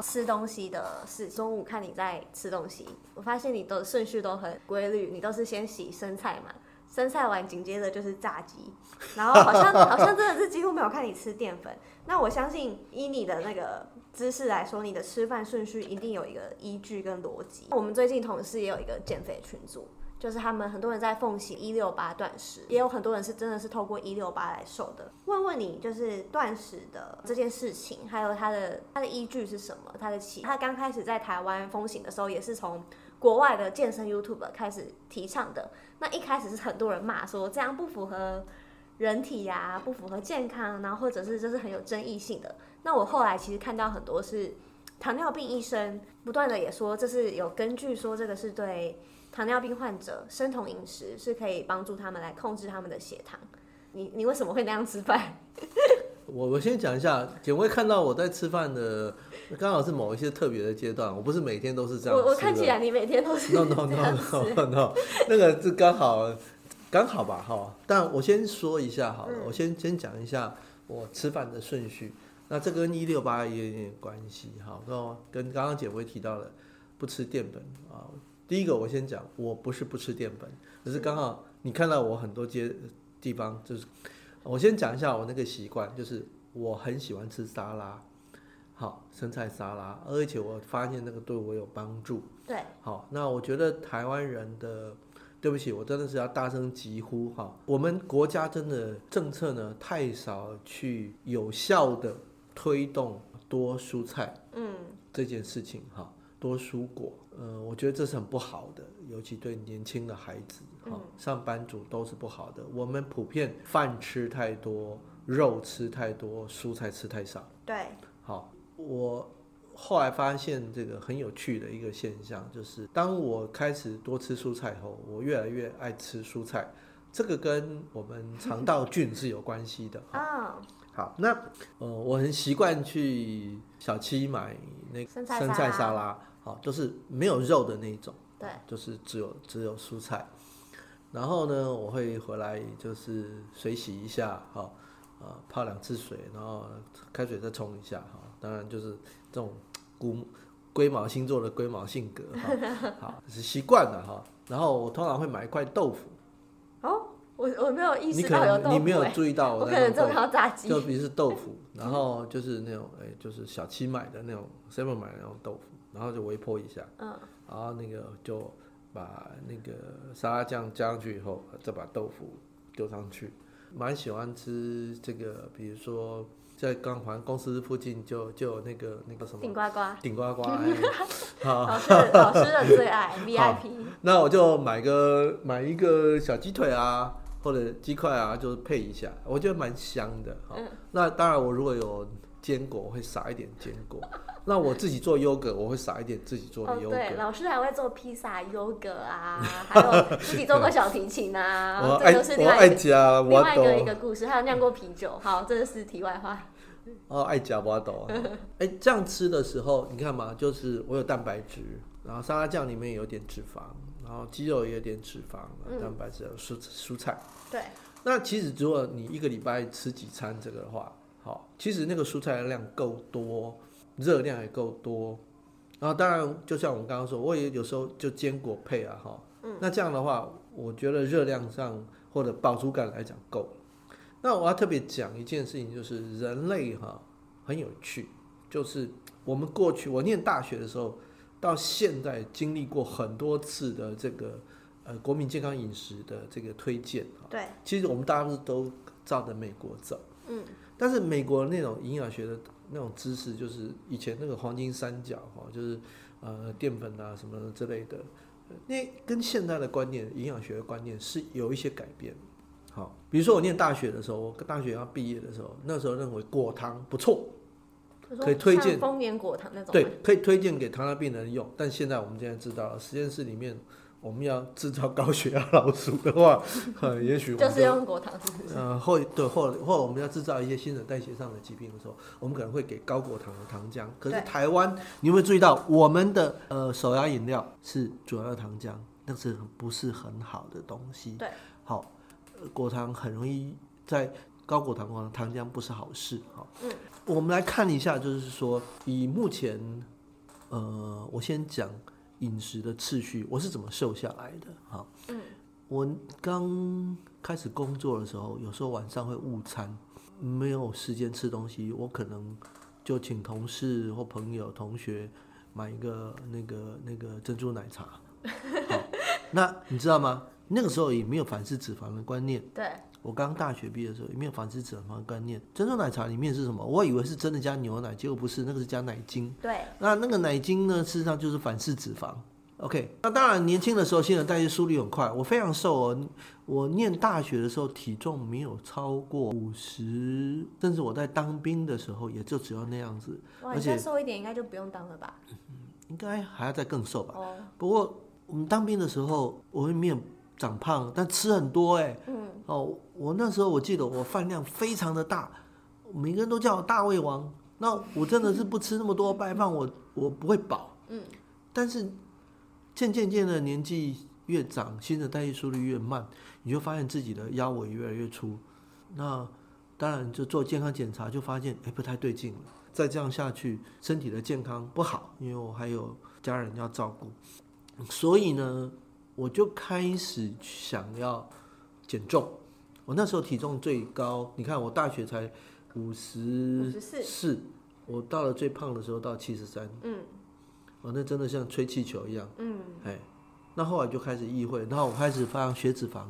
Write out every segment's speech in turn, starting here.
吃東西的是中午看你在吃東西，我發現你的順序都很規律，你都是先洗生菜嘛，生菜完緊接着就是炸雞，然後好像 好像真的是幾乎沒有看你吃澱粉。那我相信以你的那個知識來說，你的吃飯順序一定有一個依據跟邏輯。我們最近同事也有一個減肥群組。就是他們很多人在奉行168斷食，也有很多人是真的是透過168來瘦的。問問你，就是斷食的這件事情，還有它的它的依據是什麼？它的起，它剛開始在台灣風行的時候，也是從國外的健身 YouTuber 開始提倡的。那一開始是很多人罵說這樣不符合人體呀、啊，不符合健康，然後或者是就是很有爭議性的。那我後來其實看到很多是糖尿病醫生不斷的也說，這是有根據說這個是對。糖尿病患者生酮飲食是可以幫助他們來控制他們的血糖。你你為什麼會那樣吃飯 ？我我先講一下，簡薇看到我在吃飯的，剛好是某一些特別的階段，我不是每天都是這樣吃。我我看起來你每天都是這樣。no no no no no，, no 那個是剛好剛好吧哈。但我先說一下好了，嗯、我先先講一下我吃飯的順序。那這跟一六八也有點關係哈，跟跟剛剛簡薇提到了不吃澱粉啊。第一個，我先講，我不是不吃澱粉，只是剛好你看到我很多街、嗯、地方，就是我先講一下我那個習慣，就是我很喜歡吃沙拉，好，生菜沙拉，而且我發現那個對我有幫助。對。好，那我覺得台灣人的，對不起，我真的是要大聲疾呼哈，我們國家真的政策呢太少去有效的推動多蔬菜，嗯，這件事情哈。好多蔬果，嗯、呃，我覺得這是很不好的，尤其對年輕的孩子，哈、嗯，上班族都是不好的。我們普遍飯吃太多，肉吃太多，蔬菜吃太少。對，好，我後來發現這個很有趣的一個現象，就是當我開始多吃蔬菜後，我越來越愛吃蔬菜。這個跟我們腸道菌 是有關係的。啊、哦，好，那、呃、我很習慣去小七買那個、生菜沙拉。好，就是沒有肉的那一種，對、啊，就是只有只有蔬菜。然後呢，我會回來就是水洗一下，哈，泡兩次水，然後開水再沖一下，哈。當然就是這種龜龜毛星座的龜毛性格， 好是習慣了哈。然後我通常會買一塊豆腐。哦，我我沒有意識到有豆、欸、你，可能你沒有注意到我我，我在做正炸雞，就比如是豆腐， 然後就是那種哎、欸，就是小七買的那種，seven 買的那種豆腐。然後就微波一下，嗯、然後那個就把那個沙拉醬加上去以後，再把豆腐丟上去。蠻喜歡吃這個，比如說在剛環公司附近就就有那個那個什麼頂呱呱，頂呱呱， 好老師老師的最愛 VIP。那我就買個買一個小雞腿啊，或者雞塊啊，就配一下，我覺得蠻香的。嗯、那當然我如果有堅果，我會撒一點堅果。嗯那我自己做優格，我會撒一點自己做的優格。對，老師還會做披薩、優格啊，還有自己做過小提琴啊，這都是另外另外一個一個故事。還有釀過啤酒，好，這是題外話。哦，愛加巴豆啊，哎，這樣吃的時候，你看嘛，就是我有蛋白質，然後沙拉醬裡面有點脂肪，然後雞肉也有點脂肪，蛋白質、蔬蔬菜。對。那其實如果你一個禮拜吃幾餐這個的話，好，其實那個蔬菜的量夠多。熱量也夠多，然後當然就像我們剛剛說，我也有時候就堅果配啊哈，嗯，那這樣的話，我覺得熱量上或者飽足感來講夠。那我要特別講一件事情，就是人類哈、啊，很有趣，就是我們過去我念大學的時候到現在經歷過很多次的這個呃國民健康飲食的這個推薦，對，其實我們大家都是都照着美國走，嗯，但是美國那種營養學的。那種知識就是以前那個黃金三角哈，就是呃澱粉啊什麼之類的，那跟現在的觀念，營養學的觀念是有一些改變。好，比如說我念大學的時候，我大學要畢業的時候，那時候認為果糖不錯，可以推薦蜂源果糖那種，對，可以推薦給糖尿病人用。但現在我們現在知道了，實驗室裡面。我們要製造高血壓老鼠的話，呃、嗯，也許就是用果糖是是。呃，或對，或或我們要製造一些新陳代謝上的疾病的時候，我們可能會給高果糖的糖漿。可是台灣，你有沒有注意到，我們的呃，手搖飲料是主要糖漿，但是不是很好的東西。對，好，果糖很容易在高果糖糖糖漿不是好事。哈，嗯，我們來看一下，就是說以目前，呃，我先講。飲食的次序，我是怎麼瘦下來的？好，嗯，我剛開始工作的時候，有時候晚上會誤餐，沒有時間吃東西，我可能就請同事或朋友、同學買一個那個那個珍珠奶茶。好， 那你知道嗎？那個時候也沒有反式脂肪的觀念。對。我剛大學畢業的時候，沒有反式脂肪的概念。珍珠奶茶裡面是什麼？我以為是真的加牛奶，結果不是，那個是加奶精。對。那那個奶精呢，事實上就是反式脂肪。OK。那當然，年輕的時候新陳代謝速率很快，我非常瘦哦。我念大學的時候體重沒有超過五十，甚至我在當兵的時候也就只要那樣子。哇，而且再瘦一點應該就不用當了吧？應該還要再更瘦吧。Oh. 不過我們當兵的時候，我會面。長胖，但吃很多哎、欸。嗯，哦，我那時候我記得我飯量非常的大，每個人都叫我大胃王。那我真的是不吃那麼多白飯，嗯、我我不會飽。嗯，但是漸漸漸的年紀越長，新的代謝速率越慢，你就發現自己的腰圍越來越粗。那當然就做健康檢查就發現哎不太對勁了。再這樣下去，身體的健康不好，因為我還有家人要照顧。所以呢。我就開始想要減重，我那時候體重最高，你看我大學才五十四，我到了最胖的時候到七十三，嗯，我那真的像吹氣球一樣，嗯，哎，那後來就開始議會，然後我開始發現血脂肪，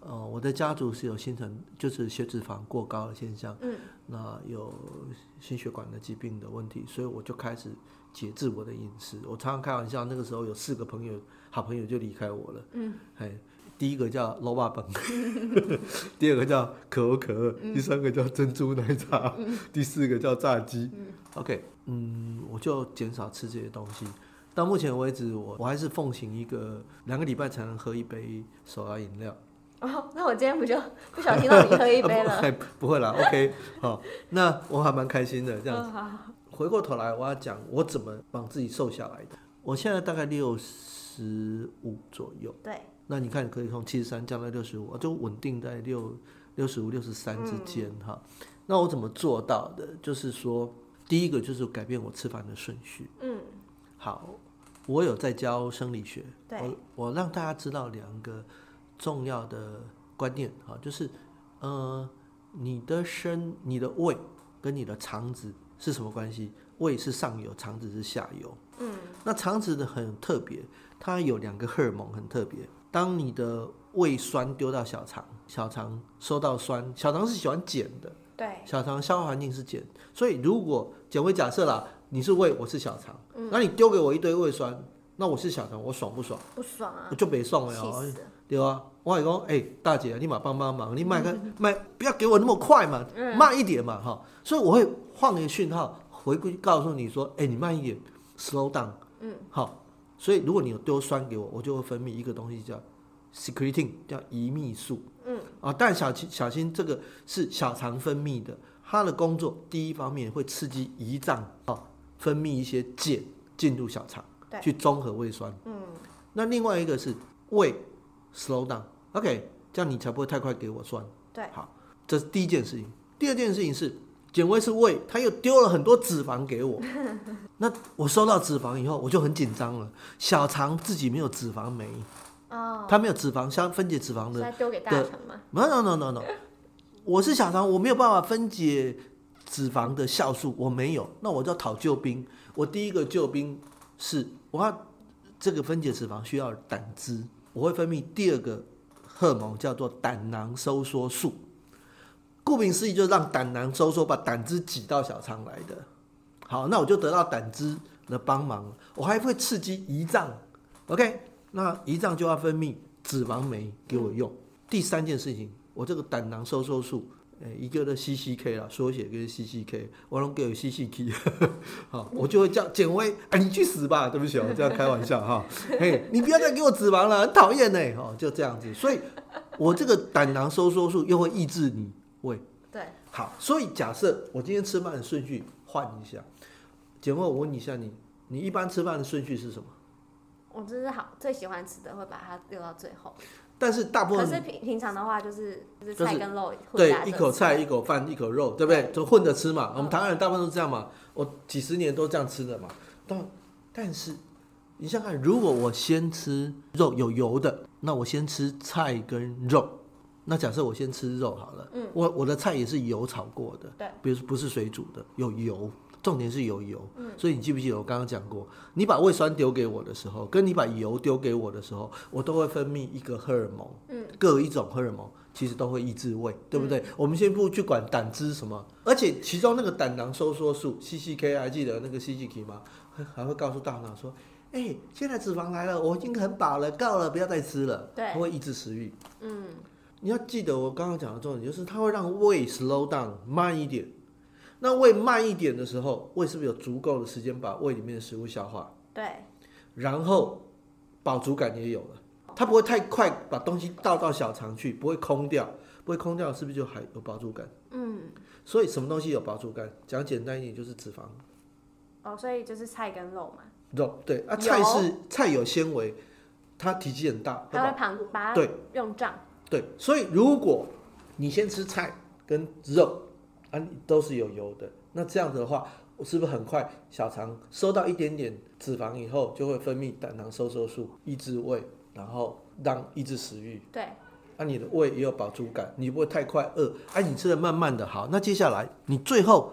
呃，我的家族是有形成就是血脂肪過高的現象，嗯，那有心血管的疾病的問題，所以我就開始。節制我的飲食，我常常開玩笑，那個時候有四個朋友，好朋友就離開我了。嗯，第一個叫滷肉飯，第二個叫可口可樂，嗯、第三個叫珍珠奶茶，嗯、第四個叫炸雞。嗯 OK，嗯，我就減少吃這些東西。到目前為止我，我我還是奉行一個兩個禮拜才能喝一杯手搖飲料。哦，那我今天不就不小心讓你喝一杯了？ 啊、不，不會啦 ，OK，好，那我還蠻開心的這樣回過頭來，我要講我怎麼幫自己瘦下來的。我現在大概六十五左右，對。那你看，你可以從七十三降到六十五，就穩定在六六十五、六十三之間哈。那我怎麼做到的？就是說，第一個就是改變我吃飯的順序。嗯，好，我有在教生理學，對我我讓大家知道兩個重要的觀念哈，就是呃，你的身、你的胃跟你的腸子。是什麼關係？胃是上游，腸子是下游。嗯，那腸子的很特別，它有兩個荷爾蒙很特別。當你的胃酸丟到小腸，小腸收到酸，小腸是喜歡鹼的。對小腸消化環境是鹼，所以如果簡為假設啦，你是胃，我是小腸，那、嗯、你丟給我一堆胃酸。那我是小腸，我爽不爽？不爽啊，我就別送了，對啊，對吧？我還說，哎，大姐、啊，你嘛幫幫忙，忙，你買個買，不要給我那麼快嘛，嗯、慢一點嘛，哈、哦。所以我會換個訊號，回去告訴你說，哎、欸，你慢一點，slow down，嗯，好、哦。所以如果你有丟酸給我，我就會分泌一個東西叫 secretin，叫胰泌素，嗯，啊、哦，但小心小心，這個是小腸分泌的，它的工作第一方面會刺激胰臟啊、哦、分泌一些鹼進入小腸。對去中和胃酸，嗯，那另外一個是胃 slow down，OK，、okay，這樣你才不會太快給我酸。對，好，這是第一件事情。第二件事情是減胃是胃，他又丟了很多脂肪給我， 那我收到脂肪以後，我就很緊張了。小腸自己沒有脂肪酶，哦，它沒有脂肪相分解脂肪的。丟給大腸嗎？No no no no no, no. 我是小腸，我沒有辦法分解脂肪的酵素，我沒有，那我就要討救兵。我第一個救兵是，我要這個分解脂肪需要膽汁，我會分泌第二個荷爾蒙叫做膽囊收縮素，顧名思義就是讓膽囊收縮，把膽汁擠到小腸來的。好，那我就得到膽汁的幫忙，我還會刺激胰臟，OK，那胰臟就要分泌脂肪酶給我用。嗯、第三件事情，我這個膽囊收縮素。一個的 C C K 啦，縮寫就是 C C, K, C, C K。我能給 C C K。好，我就會叫簡薇，哎、欸，你去死吧！對不起，我、哦、這樣開玩笑哈、哦。嘿，你不要再給我脂肪了，很討厭呢、哦。就這樣子。所以，我這個膽囊收縮素又會抑制你胃。對，好。所以假設我今天吃飯的順序換一下，簡薇，我問你一下你，你，你一般吃飯的順序是什麼？我真是好最喜歡吃的，會把它留到最後。但是大部分，可是平平常的話，就是就是菜跟肉混，啊就是，對，一口菜一口飯一口肉對不對，就混着吃嘛對我們台灣人大部分都這樣嘛，我幾十年都這樣吃的嘛。但但是你想想看，如果我先吃肉有油的，那我先吃菜跟肉，那假設我先吃肉好了，我我的菜也是油炒過的，對，比如不是水煮的，有油。重點是有油，所以你記不記得我剛剛講過，嗯、你把胃酸丟給我的時候，跟你把油丟給我的時候，我都會分泌一個荷爾蒙，嗯、各一種荷爾蒙其實都會抑制胃，對不對？嗯、我們先不去管膽汁什麼，而且其中那個膽囊收縮素 CCK，還記得那個 CCK 嗎？還會告訴大腦說：“哎、欸，現在脂肪來了，我已經很飽了，夠了，不要再吃了。”對，它會抑制食慾。嗯，你要記得我剛剛講的重點就是，它會讓胃 slow down 慢一點。那胃慢一點的時候，胃是不是有足夠的時間把胃裡面的食物消化？對，然後飽足感也有了，它不會太快把東西倒到小腸去，不會空掉，不會空掉，是不是就還有飽足感？嗯，所以什麼東西有飽足感？講簡單一點就是脂肪。哦，所以就是菜跟肉嘛。肉對啊，菜是有菜有纖維，它體積很大，會它會膨，對，用脹。對，所以如果你先吃菜跟肉。啊、都是有油的。那這樣子的話，我是不是很快小腸收到一點點脂肪以後，就會分泌膽囊收縮素，抑制胃，然後讓抑制食慾。對。那、啊、你的胃也有飽足感，你不會太快餓。哎、啊，你吃的慢慢的，好。那接下來你最後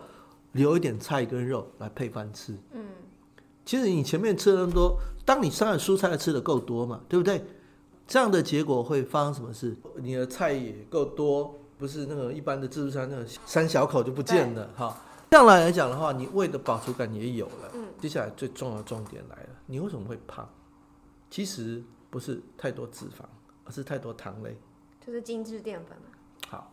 留一點菜跟肉來配飯吃。嗯。其實你前面吃的那麼多，當你上的蔬菜吃的夠多嘛，對不對？這樣的結果會發生什麼事？你的菜也夠多。不是那個一般的自助餐，那個三小口就不見了哈對、哦。這樣來來講的話，你胃的飽足感也有了。嗯、接下來最重要的重點來了，你為什麼會胖？其實不是太多脂肪，而是太多糖類，就是精致澱粉嘛。好。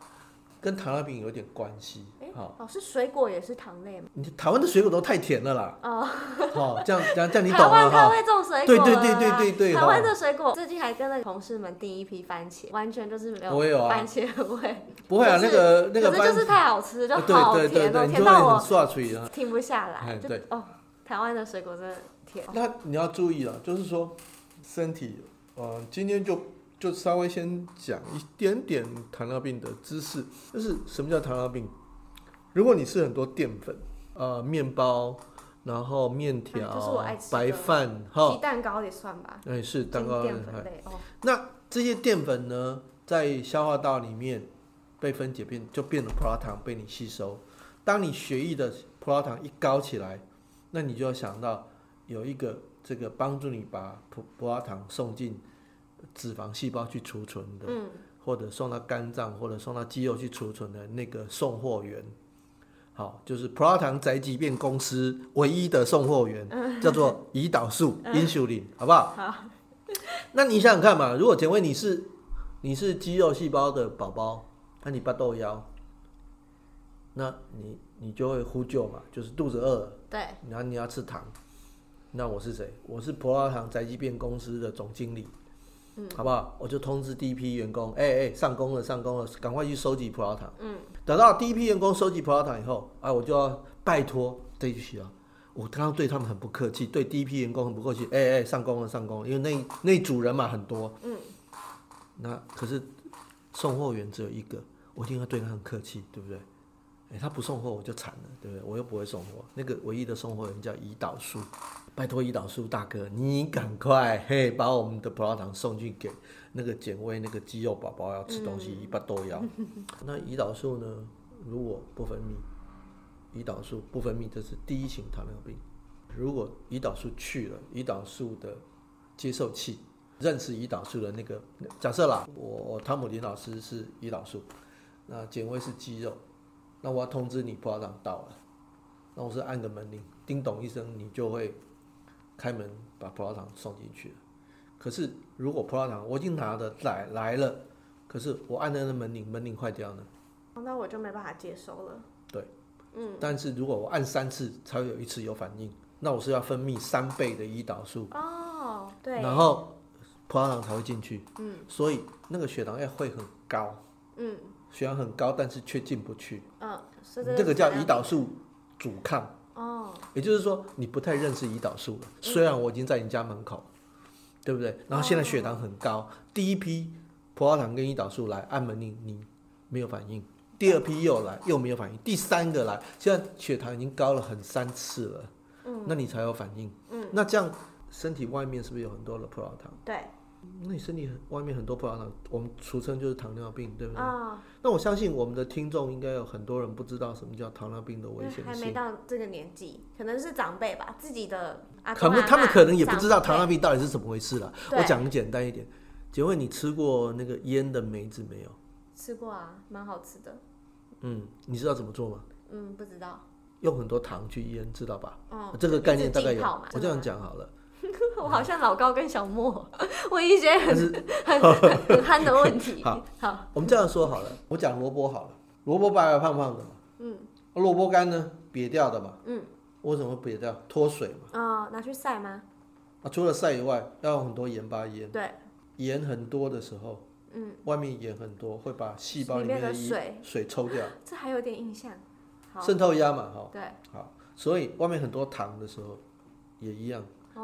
跟糖尿病有點關係，哦，是水果也是糖類嗎？你台灣的水果都太甜了啦！哦，這樣這樣這樣你懂了。台灣會種水果。台灣的水果最近還跟那同事們訂一批番茄，完全就是沒有。啊。番茄味。不會啊，那個那個番茄就是太好吃，就好甜了，甜到很刷嘴，停不下來。對。哦，台灣的水果真的甜。那你要注意了，就是說身體，呃，今天就。就稍微先講一點點糖尿病的知識，就是什麼叫糖尿病？如果你吃很多澱粉呃、麵包，然後麵條、哎，就是，白飯，哈，蛋糕也算吧，對、嗯，是蛋糕澱粉類、哎哦、那這些澱粉呢，在消化道裡面被分解變，就變成葡萄糖被你吸收。當你血液的葡萄糖一高起來，那你就要想到有一個這個幫助你把葡葡萄糖送進。脂肪細胞去儲存的，嗯、或者送到肝臟，或者送到肌肉去儲存的那個送貨員，好，就是葡萄糖宅急便公司唯一的送貨員，嗯、叫做胰島素 （insulin），、嗯、好不好？好。那你想想看嘛，如果請問你是你是肌肉細胞的寶寶，那你腹肚枵，那你你就會呼救嘛，就是肚子餓，對，然後你要吃糖。那我是誰？我是葡萄糖宅急便公司的總經理。嗯、好不好？我就通知第一批員工，哎、欸、哎、欸，上工了，上工了，趕快去收集葡萄糖。嗯，等到第一批員工收集葡萄糖以後，啊，我就要拜托這批啊，我剛剛對他們很不客氣，對第一批員工很不客氣。哎、欸、哎、欸，上工了，上工了，因為那那組人嘛很多。嗯，那，那可是送貨員只有一個，我一定要對他很客氣，對不對？誒他不送貨我就慘了，對不對？我又不會送貨。那個唯一的送貨人叫胰島素，拜託胰島素大哥，你趕快嘿把我們的葡萄糖送去給那個簡薇，那個肌肉寶寶要吃東西，一不、嗯、都要。那胰島素呢？如果不分泌胰島素不分泌，這是第一型糖尿病。如果胰島素去了，胰島素的接受器認識胰島素的那個假設啦，我我湯姆林老師是胰島素，那簡薇是肌肉。那我要通知你葡萄糖到了，那我是按個門鈴，叮咚一聲，你就會開門把葡萄糖送進去了。可是如果葡萄糖我已經拿的來來了，可是我按了那個門鈴，門鈴壞掉了。那我就沒辦法接收了。對，嗯。但是如果我按三次才會有一次有反應，那我是要分泌三倍的胰島素。哦，對。然後葡萄糖才會進去。嗯。所以那個血糖也會很高。嗯。血糖很高，但是卻進不去。嗯、哦，這個、這個叫胰島素阻抗。哦，也就是說你不太認識胰島素了。雖然我已經在你家門口，嗯、對不對？然後現在血糖很高，哦、第一批葡萄糖跟胰島素來按門鈴，你沒有反應；第二批又來，又沒有反應；第三個來，現在血糖已經高了很三次了。嗯，那你才有反應。嗯，那這樣身體外面是不是有很多的葡萄糖？對。那你身體很外面很多葡萄糖，我們俗稱就是糖尿病，對不對？啊、哦。那我相信我們的聽眾應該有很多人不知道什麼叫糖尿病的危險性。還沒到這個年紀，可能是長輩吧，自己的可能他們可能也不知道糖尿病到底是怎麼回事了。對我講簡單一點，請問你吃過那個醃的梅子沒有？吃過啊，蠻好吃的。嗯，你知道怎麼做嗎？嗯，不知道。用很多糖去醃，知道吧？哦。這個概念大概有。這我這樣講好了。嗯啊我好像老高跟小莫，問一些很很很憨的問題。好，我們這樣說好了，我講蘿蔔好了，蘿蔔白白胖胖的嘛。嗯，蘿蔔乾呢，癟掉的嘛。嗯，為什麼會癟掉？脫水嘛。啊，拿去曬嗎？啊，除了曬以外，要有很多鹽巴鹽。對。鹽很多的時候，嗯，外面鹽很多，會把細胞裡面的水水抽掉。這還有點印象。滲透壓嘛，哈。對。好，所以外面很多糖的時候，也一樣。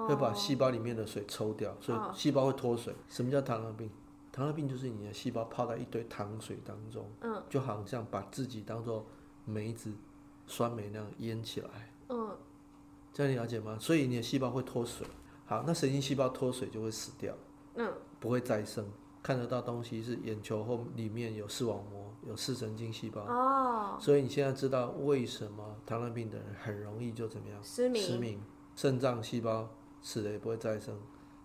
會把細胞裡面的水抽掉，所以細胞會脫水。哦、什麼叫糖尿病？糖尿病就是你的細胞泡在一堆糖水當中，嗯、就好像把自己當做梅子，酸梅那樣醃起來。嗯，這樣你了解嗎？所以你的細胞會脫水。好，那神經細胞脫水就會死掉。嗯，不會再生。看得到東西是眼球後裡面有視網膜，有視神經細胞。哦，所以你現在知道為什麼糖尿病的人很容易就怎麼樣？失明。失明。腎臟細胞。死了也不會再生，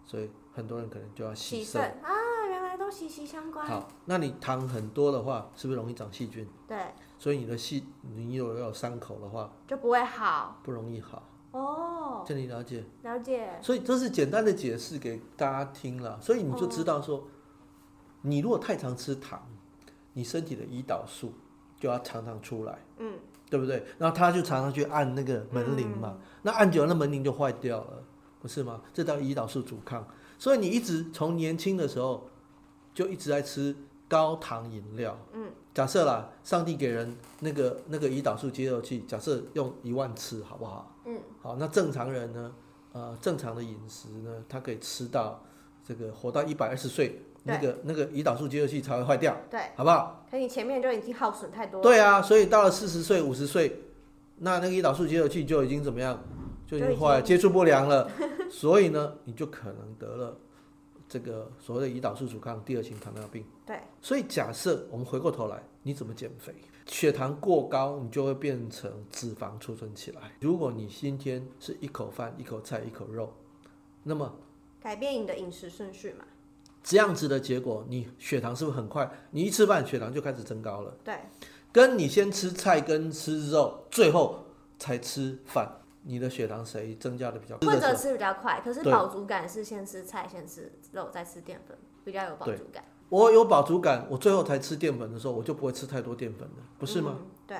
所以很多人可能就要洗腎。洗腎。啊。原來都息息相關。好，那你糖很多的話，是不是容易長細菌？對。所以你的細，你有有傷口的話，就不會好，不容易好。哦，這你了解，了解。所以這是簡單的解釋給大家聽了，所以你就知道說，嗯、你如果太常吃糖，你身體的胰島素就要常常出來，嗯，對不對？然後他就常常去按那個門鈴嘛，嗯、那按久了，那門鈴就壞掉了。不是嗎？這叫胰島素阻抗。所以你一直從年輕的時候就一直在吃高糖飲料。嗯。假設啦，上帝給人那個那個胰島素接受器，假設用一萬次，好不好？嗯。好，那正常人呢？呃，正常的飲食呢，他可以吃到這個活到一百二十歲，那個那個胰島素接受器才會壞掉。對，好不好？可你前面就已經耗損太多了。對啊，所以到了四十歲、五十歲，那那個胰島素接受器就已經怎麼樣？就是話接觸不良了，所以呢，你就可能得了這個所謂的胰島素阻抗、第二型糖尿病。對。所以假設我們回過頭來，你怎麼減肥？血糖過高，你就會變成脂肪儲存起來。如果你今天是一口飯、一口菜、一口肉，那麼改變你的飲食順序嘛？這樣子的結果，你血糖是不是很快？你一吃飯，血糖就開始增高了。對。跟你先吃菜，跟吃肉，最後才吃飯。你的血糖誰增加的比較快？或者吃比較快，可是飽足感是先吃菜，對先吃肉，再吃澱粉，比較有飽足感。我有飽足感，我最後才吃澱粉的時候，我就不會吃太多澱粉的，不是嗎？嗯，對。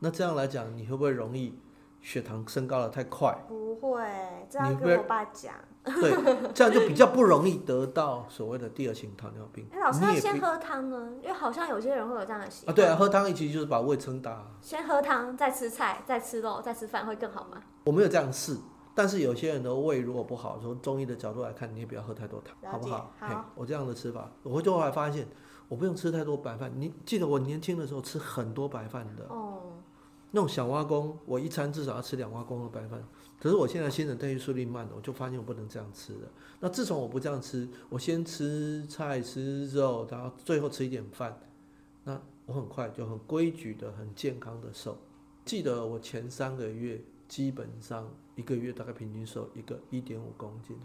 那這樣來講，你會不會容易？血糖升高的太快，不會這樣跟我爸講。對，這樣就比較不容易得到所謂的第二型糖尿病。哎老師，病要先喝湯呢？因為好像有些人會有這樣的習慣。啊，對啊，喝湯其實就是把胃撐大。先喝湯，再吃菜，再吃肉，再吃飯會更好嗎？我沒有這樣試，但是有些人的胃如果不好，從中醫的角度來看，你也不要喝太多湯，解好不好？好。我這樣的吃法，我最後還發現，我不用吃太多白飯。你記得我年輕的時候吃很多白飯的。哦那種小碗公，我一餐至少要吃兩碗公的白飯。可是我現在新陳代謝速率慢了，我就發現我不能這樣吃了。那自從我不這樣吃，我先吃菜，吃肉，然後最後吃一點飯，那我很快就很規矩的、很健康的瘦。記得我前三個月基本上一個月大概平均瘦一個一點五公斤。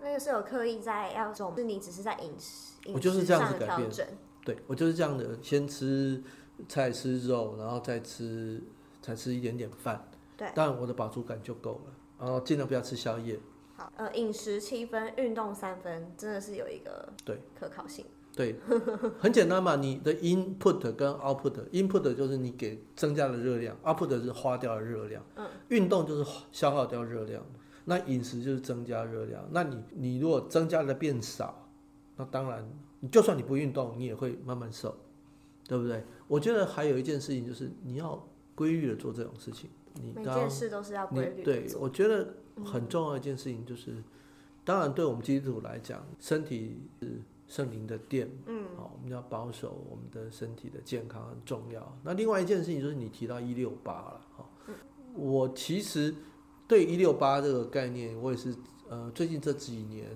那個是有刻意在要瘦是你只是在飲食？飲食我就是這樣子調整。對，我就是這樣的，先吃。再吃肉，然後再吃，才吃一點點飯。對，但我的飽足感就夠了。然後盡量不要吃宵夜。好，呃，飲食七分，運動三分，真的是有一個對可靠性。對，對 很簡單嘛。你的 input 跟 output，input in 就是你給增加了熱量，output 是花掉了熱量。嗯。運動就是消耗掉熱量，那飲食就是增加熱量。那你你如果增加的變少，那當然，就算你不運動，你也會慢慢瘦。對不對？我覺得還有一件事情就是你要規律的做這種事情。你每件事都是要規律的。對，我覺得很重要一件事情就是，嗯、當然對我們基督徒來講，身體是聖靈的殿。嗯，好、哦，我們要保守我們的身體的健康很重要。那另外一件事情就是你提到一六八了，哈、哦，嗯、我其實對一六八這個概念，我也是呃最近這幾年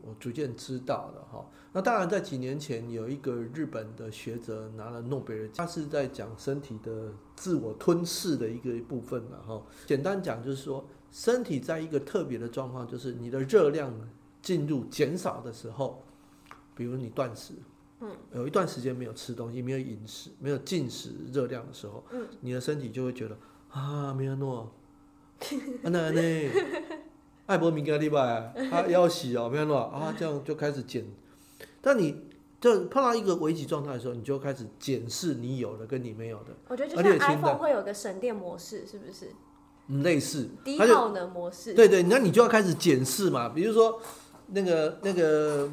我逐漸知道的，哈、哦。那當然，在幾年前有一個日本的學者拿了諾貝爾獎，他是在講身體的自我吞噬的一個部分了哈。簡單講就是說，身體在一個特別的狀況，就是你的熱量進入減少的時候，比如你斷食，嗯，有一段時間沒有吃東西、沒有飲食、沒有進食熱量的時候，嗯，你的身體就會覺得啊，啊啊、沒有諾安難阿難，愛博明格利拜，他要洗哦，沒有諾，啊,啊，啊啊、這樣就開始減。但你就碰到一個危急狀態的時候，你就開始檢視你有的跟你沒有的。我覺得就像 iPhone 會有個省電模式，是不是？嗯，類似低耗能模式是是。對，對對，那你就要開始檢視嘛。比如說那個那個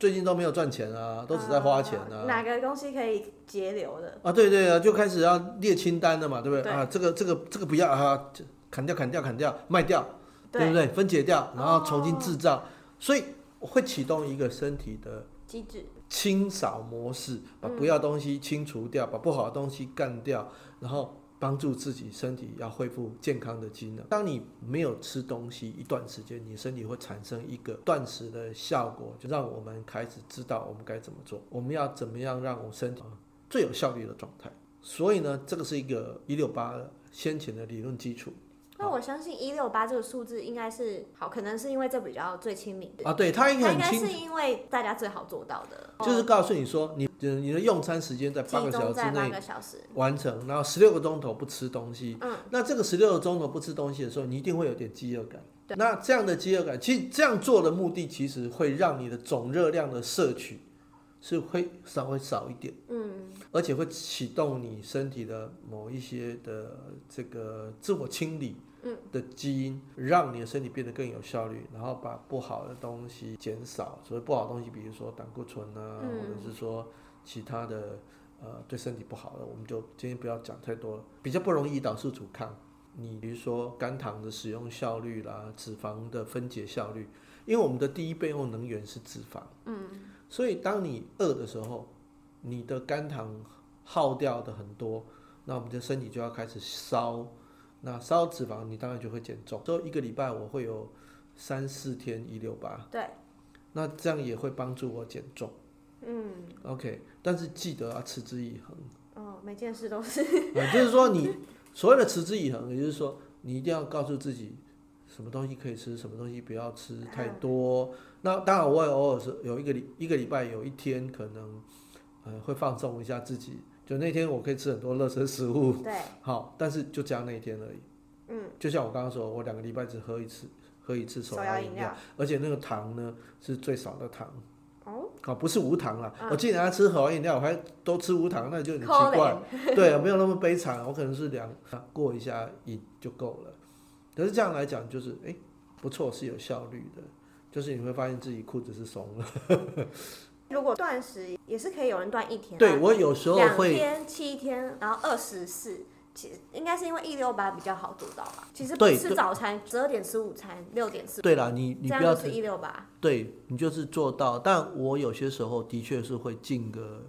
最近都沒有賺錢啊，都只在花錢啊。啊哪個東西可以節流的啊？對對啊，就開始要列清單了嘛，對不對？對啊，這個這個這個不要啊，砍掉砍掉砍掉，賣掉，對，對不對？分解掉，然後重新製造，哦、所以。會啟動一個身體的機制，清掃模式，把不要東西清除掉，嗯、把不好的東西幹掉，然後幫助自己身體要恢復健康的機能。當你沒有吃東西一段時間，你身體會產生一個斷食的效果，就讓我們開始知道我們該怎麼做，我們要怎麼樣讓我們身體最有效率的狀態。所以呢，這個是一個一六八先前的理論基礎。那我相信一六八這個數字應該是好，可能是因為這比較最親民的啊。對，它應該是因為大家最好做到的，就是告訴你說，你的你的用餐時間在八個小時內完成，然後十六個鐘頭不吃東西。嗯。那這個十六個鐘頭不吃東西的時候，你一定會有點飢餓感。對。那這樣的飢餓感，其實這樣做的目的，其實會讓你的總熱量的攝取是會稍微少一點。嗯。而且會啟動你身體的某一些的這個自我清理。嗯、的基因讓你的身體變得更有效率，然後把不好的東西減少。所謂不好的東西，比如說膽固醇啊，嗯、或者是說其他的呃對身體不好的，我們就今天不要講太多了，比較不容易胰島素阻抗。你比如說，肝糖的使用效率啦，脂肪的分解效率，因為我們的第一備用能源是脂肪。嗯，所以當你餓的時候，你的肝糖耗掉的很多，那我們的身體就要開始燒。那燒脂肪，你當然就會減重。就一個禮拜，我會有三四天一六八。對，那這樣也會幫助我減重。嗯，OK，但是記得要、啊、持之以恆。哦，每件事都是。也 就是說你所謂的持之以恆，也就是說你一定要告訴自己，什麼東西可以吃，什麼東西不要吃太多。啊 okay、那當然，我也偶爾是有一個禮一個禮拜有一天可能，呃，會放縱一下自己。就那天我可以吃很多垃圾食物，對，好，但是就加那一天而已。嗯，就像我剛剛說，我兩個禮拜只喝一次，喝一次手搖飲料，飲料而且那個糖呢是最少的糖。哦，好，哦，不是無糖啦。啊，我既然吃好飲料，我還都吃無糖，那就很奇怪。高典 對，沒有那麼悲慘。我可能是兩過一下癮就夠了。可是這樣來講，就是哎，不錯，是有效率的。就是你會發現自己褲子是鬆了。 如果斷食也是可以，有人斷一天，對後我有時候兩天七天，然後二十四，其實應該是因為一六八比較好做到吧？對其實不吃早餐，十二對點吃午餐，六點吃。對啦，你你不要吃一六八，對，你就是做到。但我有些時候的確是會禁個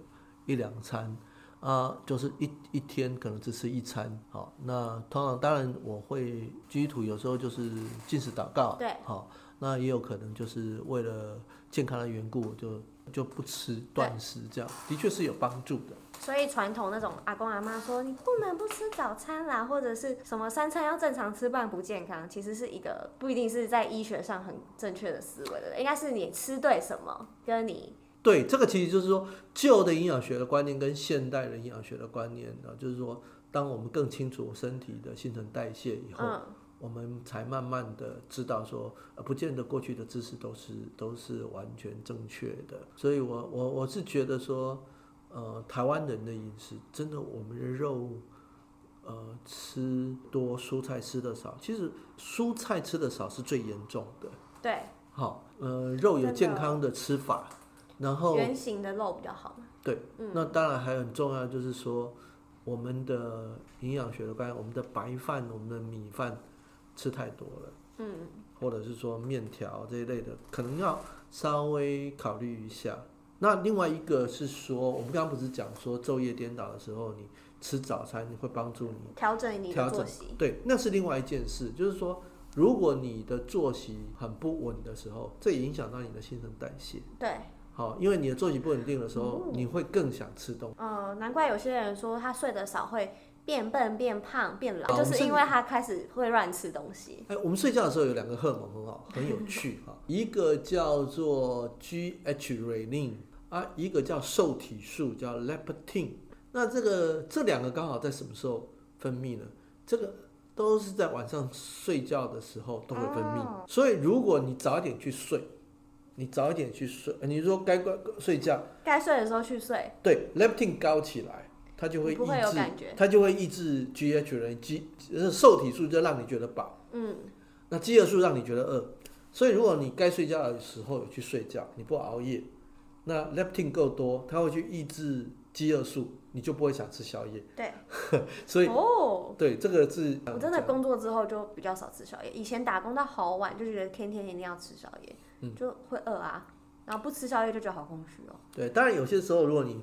一兩餐，啊，就是一一天可能只吃一餐。好，那通常當然我會基督徒，有時候就是禁食禱告，對，好，那也有可能就是為了。健康的緣故，我就就不吃斷食，這樣對的確是有幫助的。所以傳統那種阿公阿媽說你不能不吃早餐啦，或者是什麼三餐要正常吃，不然不健康，其實是一個不一定是在醫學上很正確的思維的。應該是你吃對什麼，跟你。對，這個其實就是說舊的營養學的觀念跟現代的營養學的觀念呢、啊，就是說當我們更清楚身體的新陳代謝以後。嗯我們才慢慢的知道說，不見得過去的知識都是都是完全正確的。所以我，我我我是覺得說，呃，台灣人的飲食真的，我們的肉，呃，吃多，蔬菜吃的少。其實蔬菜吃的少是最嚴重的。對。好，呃，肉有健康的吃法。真的，然後。原型的肉比較好嗎？對。嗯、那當然，還很重要就是說，我們的營養學的觀念，我們的白飯，我們的米飯。吃太多了，嗯，或者是說麵條這一類的，可能要稍微考慮一下。那另外一個是說，我們剛剛不是講說晝夜顛倒的時候，你吃早餐你會幫助你調整，調整你的作息。對，那是另外一件事，就是說，如果你的作息很不穩的時候，這也影響到你的新陳代謝。對，好，因為你的作息不穩定的時候，嗯，你會更想吃東西。呃，難怪有些人說他睡得少會。變笨、變胖、變老，是就是因為他開始會亂吃東西。哎、欸，我們睡覺的時候有兩個荷爾蒙，很好，很有趣 一個叫做 Ghrelin 啊，一個叫瘦體素，叫 Leptin。那這個這兩個剛好在什麼時候分泌呢？這個都是在晚上睡覺的時候都會分泌。哦、所以如果你早一點去睡，你早一點去睡，呃、你說該、呃、睡覺，該睡的時候去睡，對，Leptin 高起來。它就會抑制，它就會抑制 GH G H 人激，就是瘦體素就讓你覺得飽。嗯。那飢餓素讓你覺得餓，所以如果你該睡覺的時候去睡覺，你不熬夜，那 Leptin 夠多，它會去抑制飢餓素，你就不會想吃宵夜。對。 所以哦，對，這個是。我真的工作之後就比較少吃宵夜，以前打工到好晚，就是天天一定要吃宵夜，嗯、就會餓啊，然後不吃宵夜就覺得好空虛哦、喔。對，當然有些時候如果你。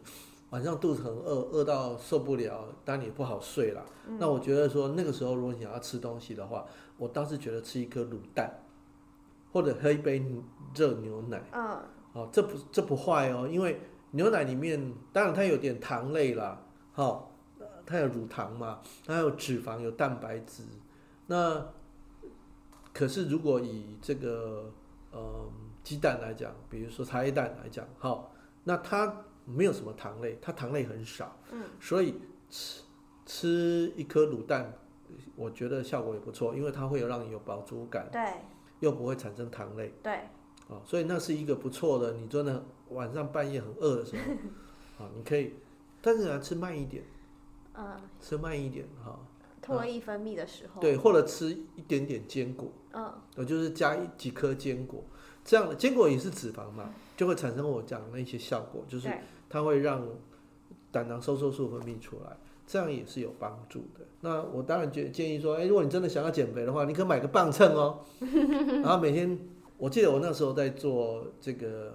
晚上肚子很餓，餓到受不了，當你不好睡了，嗯、那我覺得說那個時候，如果你想要吃東西的話，我倒是覺得吃一顆滷蛋，或者喝一杯熱牛奶，嗯，好、哦，這不這不壞哦，因為牛奶裡面當然它有點糖類啦，好、哦，它有乳糖嘛，它有脂肪，有蛋白質，那可是如果以這個嗯雞蛋來講，比如說茶葉蛋來講，好、哦，那它。沒有什麼糖類，它糖類很少，嗯、所以吃吃一顆滷蛋，我覺得效果也不錯，因為它會有讓你有飽足感，對又不會產生糖類，對哦、所以那是一個不錯的，你真的晚上半夜很餓的時候、 哦，你可以，但是你要吃慢一點，嗯，吃慢一點哈，唾、哦、液分泌的時候、嗯，對，或者吃一點點堅果，嗯，就是加幾顆堅果。這樣的堅果也是脂肪嘛，就會產生我講的一些效果，就是它會讓膽囊收縮素分泌出來，這樣也是有幫助的。那我當然就建議說，哎，如果你真的想要減肥的話，你可買個磅秤哦。 然後每天，我記得我那時候在做這個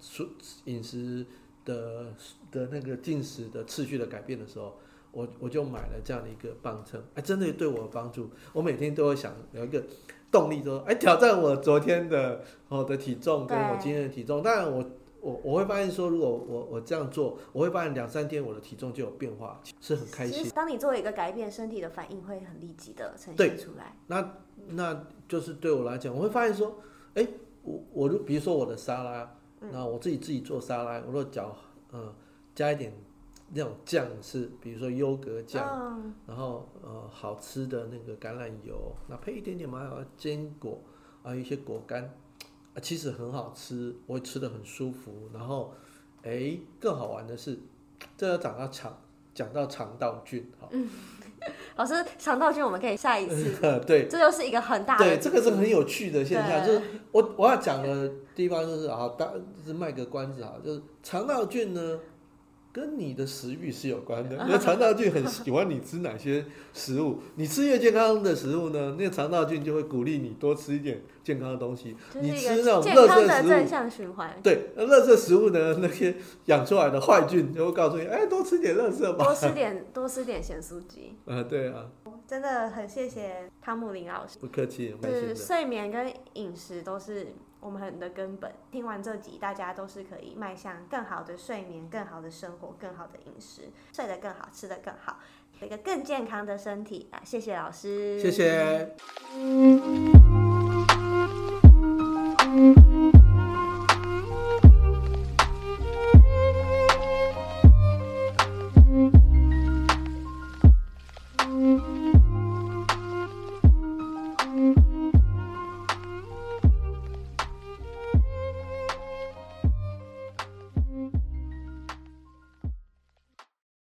食飲食的的那個進食的次序的改變的時候。我我就買了這樣的一個磅秤，哎、欸，真的對我有幫助。我每天都會想有一個動力，說，哎、欸，挑戰我昨天的我的體重，跟我今天的體重。對當然我，我我我會發現說，如果我我這樣做，我會發現兩三天我的體重就有變化，是很開心。當你做一個改變，身體的反應會很立即的呈現出來。對，那那就是對我來講，我會發現說，哎、欸，我我比如說我的沙拉，那我自己自己做沙拉，我如果加，嗯，加一點。那種醬是，比如說優格醬，oh. 然後呃好吃的那個橄欖油，那配一點點麻油堅果，還有一些果乾，啊，其實很好吃，我會吃得很舒服。然後，哎、欸，更好玩的是，這要講到腸，講到腸道菌哈、嗯。老師，腸道菌我們可以下一次。 對，這又是一個很大的。對，這個是很有趣的現象，對就是我我要講的地方就是啊，當、就是賣個關子啊，就是腸道菌呢，跟你的食慾是有關的，因為腸道菌很喜歡你吃哪些食物？ 你吃越健康的食物呢，那個腸道菌就會鼓勵你多吃一點健康的東西。是你吃那種垃圾食物，健康的正向循環。對，那垃圾食物呢，那些養出來的壞菌就會告訴你，哎、欸，多吃點垃圾吧多，多吃點多吃點鹹酥雞。啊、嗯，對啊，真的很謝謝湯姆林老師。不客氣，就是沒睡眠跟飲食都是。我們很的根本，聽完這集，大家都是可以邁向更好的睡眠、更好的生活、更好的飲食，睡得更好，更好，吃得更好，有一個更健康的身體啊！謝謝老師，謝謝。